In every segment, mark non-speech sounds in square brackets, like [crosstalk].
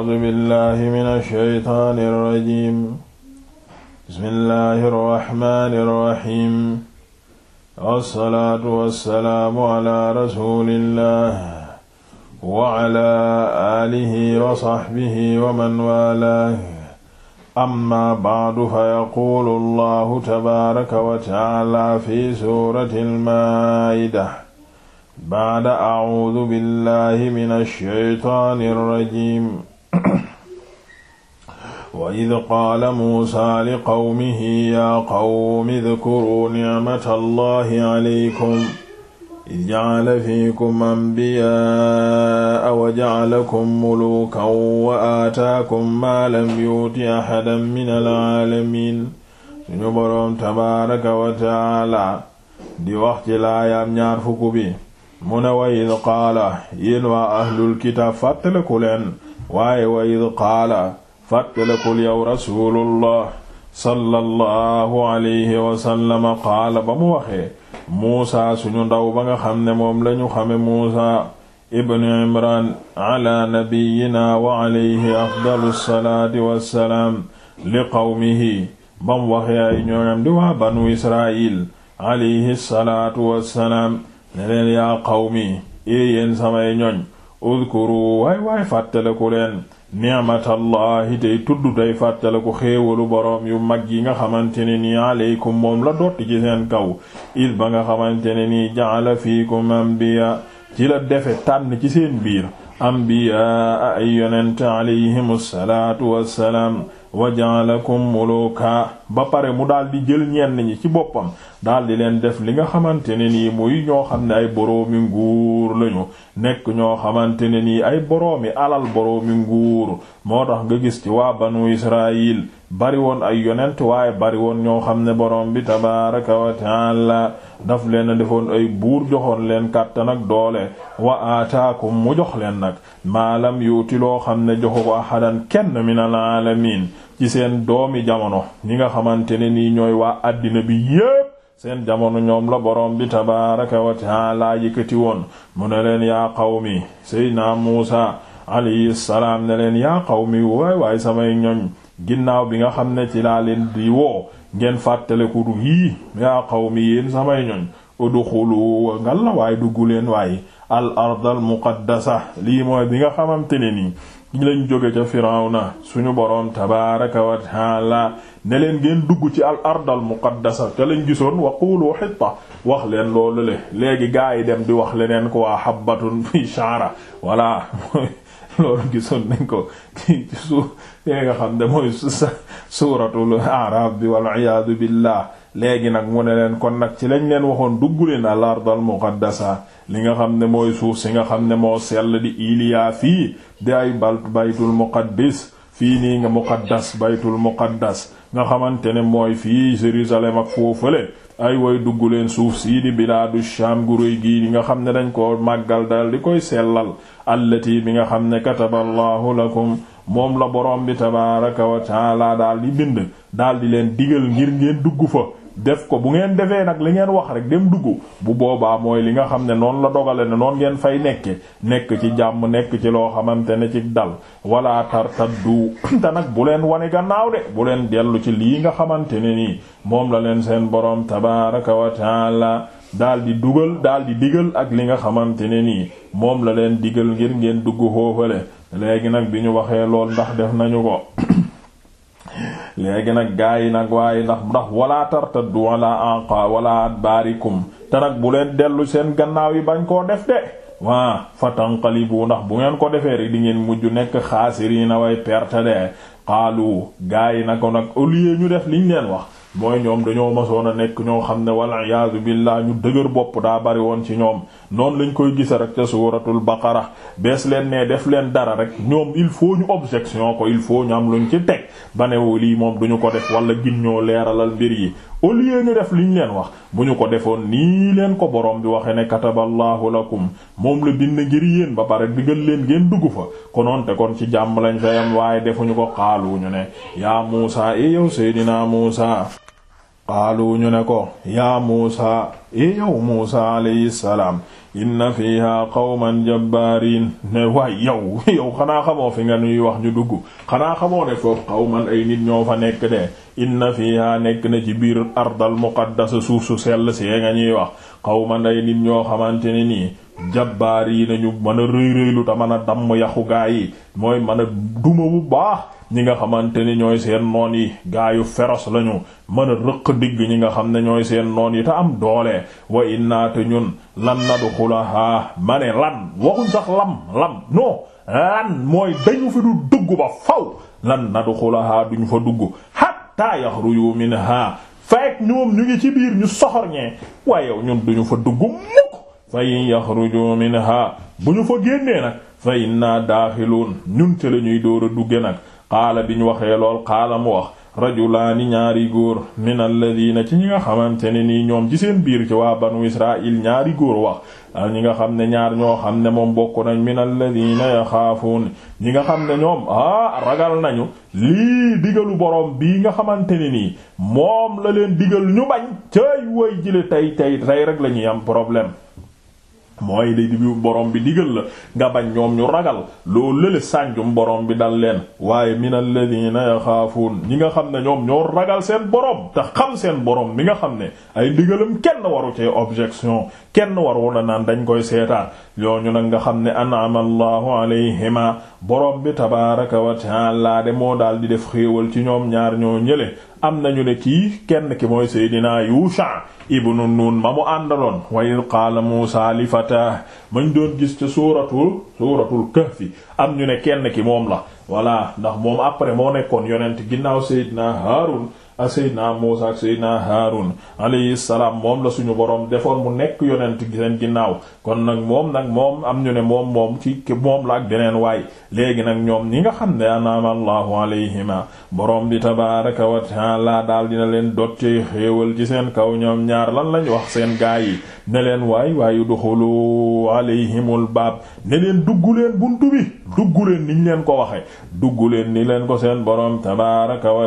A'uuzu billaahi mina shaytaani rajiim bismillaahi rahmaani rahiim wassalaatu wassalaamu alaa rasuulillaah wa alaa aalihi wa sahbihi wa man waalaahu ammaa ba'du fayaquulu Allaahu tabaaraka wa ta'aalaa fi suuratil maa'ida ba'da a'uuzu billaahi mina shaytaani rajiim wa id qaala muusa li qawmihi yaa qawmi dkuruu nicmata allahi calaykum id jacala fiikum anbiyaaa wa jacalakum muluukan wa aataakum maa lam yuuti axadan min alcaalamiin suñu boroom tabaaraka wa tacaala di wax ci laayaam ñaar fukk bi mu ne wa id qaala yéen waa ahlul kitaab fàttaliku leen waaye wa id qaala fàttalekul yow rasulullah sallallahu alayhi wasallama qaala ba mu waxee muusa suñu ndaw ba nga xam ne moom lañu xame muusa ibnu imran ala nabiyina wa alayhi afdalu salaati wassalaam li qawmihi ba mu waxee ay ñooñam di waa banu israil alayhi salaatu wassalaam ne leen yaa qawmi yéen samay ñoñ udkuru waay waay fàttaleku leen ni'matallahi tey tudd tey fàttale ko xéewalu boroom yu mag yi nga xamante ne nii aleykum moom la dotti ci seen kaw il ba nga xamante ne nii ja'ala fiikum anbiya ci la defe tànn ci seen biir anbiya ay yonente alayhimu salaatu wassalaam waja'alakum muluka ba pare mu daal di jël ñenn ñi ci boppam daal di leen def li nga xamante ne nii muy ñoo xam ne ay boroomi nguur lañu nekk ñoo xamante ne nii ay boroomi alal boroomi nguur moo tax nga gis ci waa banu Israayil bari woon ay yonent waaye bariwoon ñoo xam ne borom bi tabaaraka wa taala daf leen defoon ay buur joxoon leen kàttan ak doole wa aataakum mu jox leen nag maalam yuuti loo xam ne joxu ko ahadan kenn minal aalamiin ci seen doomi jamono ñi nga xamante ne nii ñooy waa àddina bi yépp seen jamono ñoom la borom bi tabaaraka wa taala yëkkati woon mu ne leen yaa qawmi seydina Muusa alayhi salaam ne leen yaa xaw waay waay samay ñoñ ginnaaw bi nga xam ne ci laa leen di woo ngeen fàttaleku yii yaa mi yéen samay ñoñ udxulu ngal la waaye dugg leen waaye al ardal muqaddasa lii mooy bi nga xamante ne nii lañ jóge ca firawna suñu boroom tabaraka wa taala ne leen ngeen dugg ci al ardal muqaddasa te lañ gisoon waqulu hitta wax leen loolu le léegi gaa yi dem di wax leneen ko waa habbatun fi sha'ra wala [laughs] loolu gisoon nañ ko ci suuf yi nga xam ne mooy suuratul A'raaf bi wal iyaadu billah léegi nag mu ne leen kon nag ci lañ leen waxoon dugg leen al ardal muqaddasa li nga xam ne mooy suuf si nga xam ne moo sell di iliya fii di ay bal baytul muqaddis fii nii nga muqaddas baytul muqaddas nga xamante ne mooy fii Jérusalem ak foofale ay woy dugg leen suuf sii di bilaadu Shaam gu réy gii yi nga xam ne dañ koo màggal dal di koy sellal allati bi nga xam ne kataba allahu lakum moom la borom bi tabaaraka wa taala daal di bind daal di leen digal ngir ngeen dugg fa def ko bu ngeen defee nag li ngeen wax rek dem dugg bu boobaa mooy li nga xam ne noonu la dogale ne noonu ngeen fay nekke nekk ci jàmm nekk ci loo xamante ne ci dal wala tartaddu [coughs] te nag bu leen wane gannaaw de bu leen dellu ci lii nga xamante ne nii moom la leen seen boroom tabaraka wa taala daal di dugal daal di digal ak li nga xamante ne nii moom la leen digal ngir ngeen dugg foofale léegi nag bi ñu waxee lool ndax def nañu ko léegi nag gaa yi nag waaye ndax ndax wala du wala anqa wala adbaarikum te nag bu leen dellu seen gannaaw yi bañ koo def de waa fatanqalibu ndax bu ngeen ko defee rek di ngeen mujj nekk na way perte de xaalu gaa yi nag nag au lieu ñu def liñ leen wax mooy ñoom dañoo masoon a nekk ñoo xam ne wal iyaadu billah ñu dëgër bopp daa bari woon ci ñoom noonu lañ koy gisa rek ca suuratul baqara bees leen ne def leen dara rek ñoom il foo ñu objection ko il faut ñu am luñ ci teg banewul ne lii moom duñu ko def wala gin ñoo leeralal mbir yi au lieu ñu def liñ leen wax bu ñu ko defoon nii leen ko borom bi waxe ne kataballahu lakum moom la bind ngir yéen ba pare digal leen ngeen dugg fa konoon kon ci jàmm lañ fayam waaye defuñu ko wu ñu ne yaa Muusa e yow Seydina Muusa qaalu ñu ne ko yaa muusa i e yow muusa alayhi salaam inna fiha qawman jabbarin ne waay yow yow xanaa xamoo fi nga ñuy wax ñu dugg xanaa xamoo ne foofu qawman ay nit ñoo fa nekk de inna fiha nekk na ci biir ardal muqaddasa suuf su sell see nga ñuy wax qawman ay nit ñoo xamante ne nii jabbaar yi nañu mën a rëy rëylu te mën a damm yaxu gaa yi mooy mën a duma bu baax ñi nga xamante ni ñooy seen noon yi gaayu féroce lañu mën a rëq digg ñi nga xam ne ñooy seen noon yi te am doole wa inna te ñun lan nadxulaha ma ne lan waxuñ sax lam lam non lan mooy dañu fi du dugg ba faw lan nadxulaha duñu fa dugg hatta yaxruju minha fekk ñoom ñu ngi ci biir ñu soxor ñee waaye yow ñun duñu fa dugg fa in yaxruju minha bu ñu fa génnee nag fa inna daaxiluun ñun te la ñuy dóor a dugge nag qaala bi ñu waxee lool xaala mu wax rajulaani ñaari góor min alladina ci ñi nga xamante ne nii ñoom ci seen biir ci waa banu israil ñaari góor wax ñi nga xam ne ñaar ñoo xam ne moom bokk nañ min alladina yaxaafuun ñi nga xam ne ñoom ah ragal nañu lii digalu boroom bii nga xamante ne nii moom la leen digal ñu bañ cay woy jile tey tey tey rek la ñuy am problème mooy di borom bi digal la nga bañ ñoom ñu ragal loolu lële sànjum borom bi dal leen waaye min alladina yaxaafuun ñi nga xam ne ñoom ñoo ragal seen borom te xam seen borom mi nga xam ne ay digalam kenn waru cee objection kenn waru la naan dañ koy seetaan ñu nag nga xam ne an'ama allahu alayhima borom bi tabaaraka wa ta'ala de moo daal di def xéewal ci ñoom ñaar ñoo ñële am nañu ne kii kenn ki mooy Seydina Yusha ibnu Nun ma mu àndaloon wa id qaala Muusaa li fatah doon gis ca suuratul suuratul kahfi am ñu ne kenn ki moom la voilà ndax moom après moo nekkoon yonent ginnaaw Seydina Haarun ak Seydina Muusa ak Seydina Haarun alayhi salaam moom la suñu boroom defoon mu nekk yonent seen ginnaaw kon nag moom nag moom am ñu ne moom moom ci moom la ak beneen waay léegi nag ñoom ñi nga xam ne anaama allahu alayhima boroom bi tabaaraka wa taala daal dina leen dot ci xéewal ci seen kaw ñoom ñaar lan lañ wax seen gaa yi ne leen waay du duxulu alayhimul baab ne leen duggu leen buntu bi duggu leen niñ leen ko waxe duggu leen ni leen ko seen boroom tabaaraka wa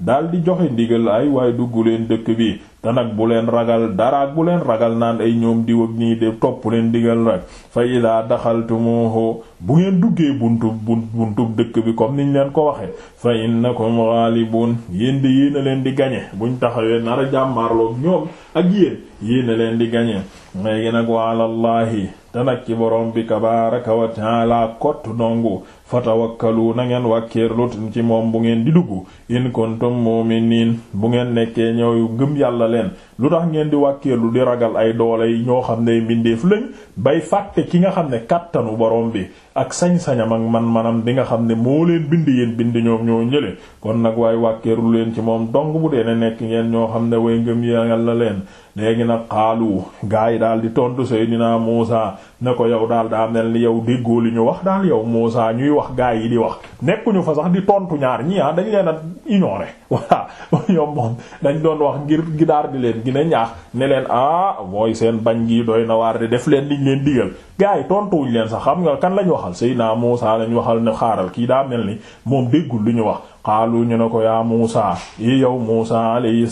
daal di joxe ndigal ay waaye dugg leen dëkk bi te bu leen ragal dara ak bu leen ragal naan ay ñoom diw ak nii de topp leen ndigal rek fa ida daxaltumuhu bu ngeen duggee buntu buntub dëkk bi comme niñ leen ko waxe fa ko mu ghalibun yéen di yéen a leen di gañe buñ taxawee nara jàmmaarloog ñoom ak yéen yéena leen di gañe léegi nag waalallaahi te nag ci borom bi tabaaraka wa taala kott dongu fatawakkalu na ngeen wàkkeerlut ci moom bu ngeen di dugg in kuntum mu'minin bu ngeen nekkee ñooyu gëm yàlla leen lu tax ngeen di wàkkeelu di ragal ay doole yi ñoo xam ne mbindeef lañ bay fàtte ki nga xam ne kàttanu borom bi ak sañ-sañam ak man-manam di nga xam ne moo leen bind yéen bind ñoom ñoo ñële kon nag waaye wàkkeerul leen ci moom dong bu dee ne nekk ngeen ñoo xam ne way ngëm yàlla leen léegi nag xaalu gars yi daal di tontu Seydina Muusa ne ko yow daal daa mel ni yow déggoo lu ñu wax daal yow Muusa ñuy wax gars yi di wax nekkuñu fa sax di tontu ñaar ñii ah dañ leen a ignoré [laughs] voilà ñoom moom dañ doon wax ngir gidaar di leen gina ñaax ne leen ah mooy seen bañ gi doy na waar de def leen liñ leen digal gars yi tontuwuñ leen sax xam nga kan lañ waxal Seydina Muusa lañ waxal ne xaaral kii daa mel ni moom déggul li ñu wax xaalu ñu ne ko yaa Muusa i yow Muusa alayhi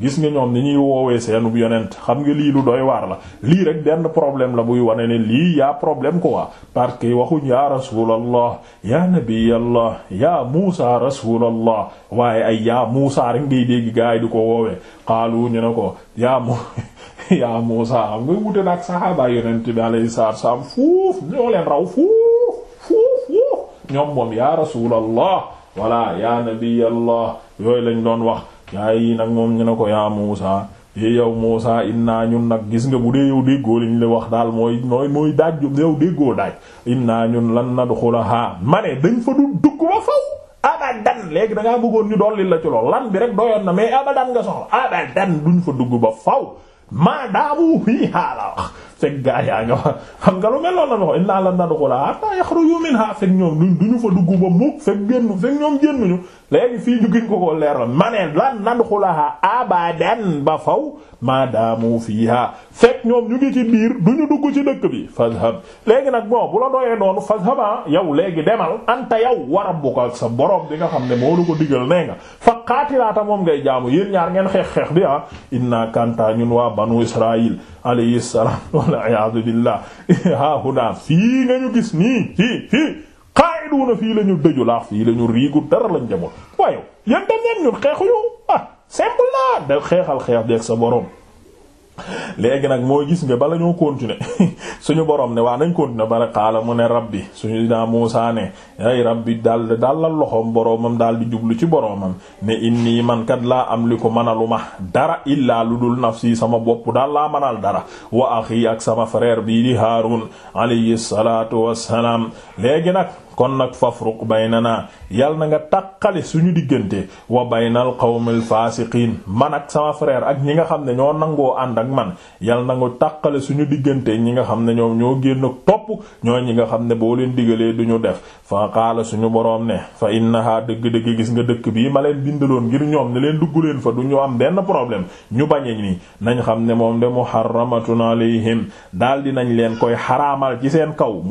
gis nga ñoom ni ñuy woowee seenub yonent xam nga lii lu doy waar la lii rek benn problème la buy wane ne lii yaa problème quoi parce que waxuñ yaa rasulallah yaa nabiyallah yaa Muusa rasulallah waaye ay yaa Muusa rek ngay dégg gaa di ko woowee xaalu ñu ne ko yaa mu [laughs] yaa Muusa xam nga wute nag saxaaba yonent bi alayhi salaam foofu ñoo leen raw foofu foofu ñoom moom yaa rasulallah voilà yaa nabiyallah yooyu lañu doon wax gaa yii nag moom ñu ne ko yaa Muusa yi eh yow Muusa naa ñun nag gis nga bu dee yow déggoo liñ la wax daal mooy mooy mooy daaj yow déggoo daaj naa ñun lan nadxulaha ma ne dañ fa dugg ba faw abadan léegi da ngaa bëggoon ñu dolli la ci lool lan bi rek doyoon na mais abadan nga soxla abadan duñ fa dugg ba faw maadaamu fii xaala wax fekk gaa yaa nga xam nga lu mel noonu la ñu wax innaa lan nadxulahaa hattaa yaxruju minhaa fekk ñoom duñu fa dugg ba mukk fekk génn fekk ñoom génnuñu léegi fii ñu gën ko ko leeral ma ne lan nadxulaha abadan ba faw maadamu fiha fekk ñoom ñu ngi ci biir du ñu dugg ci dëkk bi fadhab léegi nag bon bu la doyee noonu fadhaba yow léegi demal anta yow wa rabbuka ak sa borom bi nga xam ne moo lu ko digal nee nga fa qaatilaata moom ngay jaamu yéen ñaar ngeen xeex xeex bi ah inna kanta ñun waa banu israil alayhi salaam wal iyaadu billah [laughs] hahuna fii nga ñu gis nii fii fii xa'iduuna fii la ñu dëju laax fii la ñu riigu dara lañ jamul waaye yéen tam ñun xeexuñu ah simple na da xeexal xeex deeg sa boroom léegi nag mooy gis nga bala ñoo continuer [laughs] suñu boroom ne waa nañ continuer bare xaala mu ne rabbi suñu dinaa Muusaa ne ay rabbi daal daal la loxoom boromam daal di jublu ci boromam ne inni man kat laa am li ko mënalu ma dara illaa lu dul nafsi sama bopp daal laa manal dara wa axi ak sama frère bii di Haarun alayhi kon nag fafruq baynana yal na nga taqali suñu diggante wa baynal qawmil fasiqin man ak sama frère ak ñi nga xam ne ñoo nangoo ànd ak man yal na nga taqale suñu diggante ñi nga xam ne ñoom ñoo génn topp ñoo ñi nga xam ne boo leen digalee du ñu def fa qaala suñu boroom ne fa innaha dëgg-dëgg gis nga dëkk bii ma leen bindaloon ngir ñoom ne leen dugg leen fa du ñu am benn problème ñu bañe nii nañ xam ne moom de muharramatun alayhim daal di nañ leen koy xaraamal ci seen kaw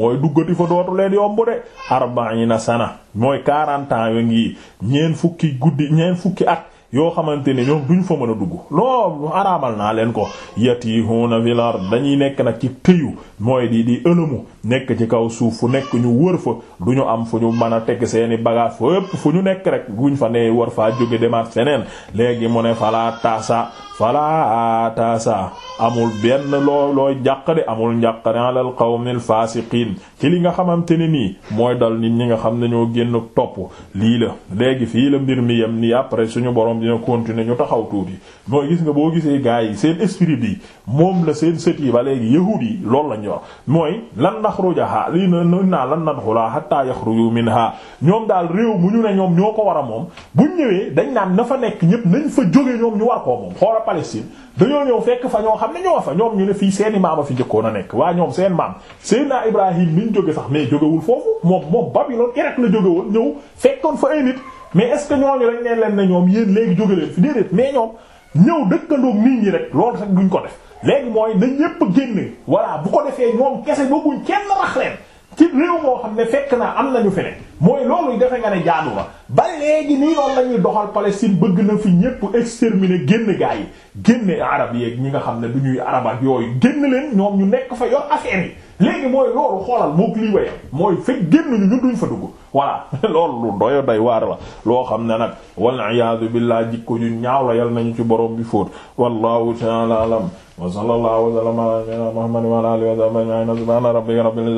arbaina sana mooy quarante ans yo ngi ñeen fukki guddi ñeen fukki at yoo xamante ne ñoom duñ fa mën a dugg loolu araamal naa leen ko yet yi fil ard dañuy nekk nag ci tëyu mooy di di ëlëmu nekk ci kaw suuf fu nekk ñu wër fa du ñu am fu ñu mën a teg seeni bagage fépp fu ñu nekk rek buñ fa ne war faa jóge demaat feneen léegi mu ne falaa tasa fala tasa amul benn loo looy njàq de amul njàq de alal qawmil faasiqiin ci li nga xamante ne nii mooy dal nit ñi nga xam ne ñoo génn topp lii la léegi fii la mbir mi yem nii après suñu borom dina continuer ñu taxaw tuuti mooy gis nga boo gisee gars yi seen esprit bi moom la seen sët yi ba léegi yahuud yi loolu la ñu wax mooy lan naxrujaha lii na naa lan nadxula hatta yaxruju minha ñoom daal réew mu ñu ne ñoom ñoo ko war a moom buñ ñëwee dañ naan na fa nekk ñépp nañ fa jóge ñoom ñu war koo moom Palestine dañoo ñëw fekk fa ñoo xam ne ñoo fa ñoom ñu ne fii seeni maam a fi njëkkoon a nekk waa ñoom seen maam Seydina Ibrahim mi ñu jóge sax mais jógewul foofu moom moom Babylone Irak la jóge ñëw fekkoon fa ay nit mais est-ce que ñooñu dañ leen leen ne ñoom yéen léegi jóge leen fi déedéet mais ñoom ñëw dëkkandoog nit ñi rek lool sax duñ ko def léegi mooy na ñépp génn voilà bu ko defee ñoom kese boobuñ kenn rax leen ci réew moo xam ne fekk naa am nañu feneen mooy loolu defe nga ne jaadu la ba léegi nii loolu la doxal Palestine bëgg na fi ñépp exterminer génn gaa yi génne arab yeeg ñi nga xam ne du ñuy arab ak yooyu génn leen ñoom ñu nekk fa yor affaire yi léegi mooy loolu xoolal mook lii wayam mooy fekk génn ñu ñu duñ fa dugg voilà [laughs] loolu doyo day waar la loo xam ne nag wal iyaadu billah jikko ju ñaaw la yal nañu ci borom bi fóot wallahu ta'ala alam wa sallallahu wa sallama ala nabiyyina muhammadin wa ala alihi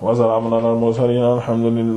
wa sahbihi ajma'in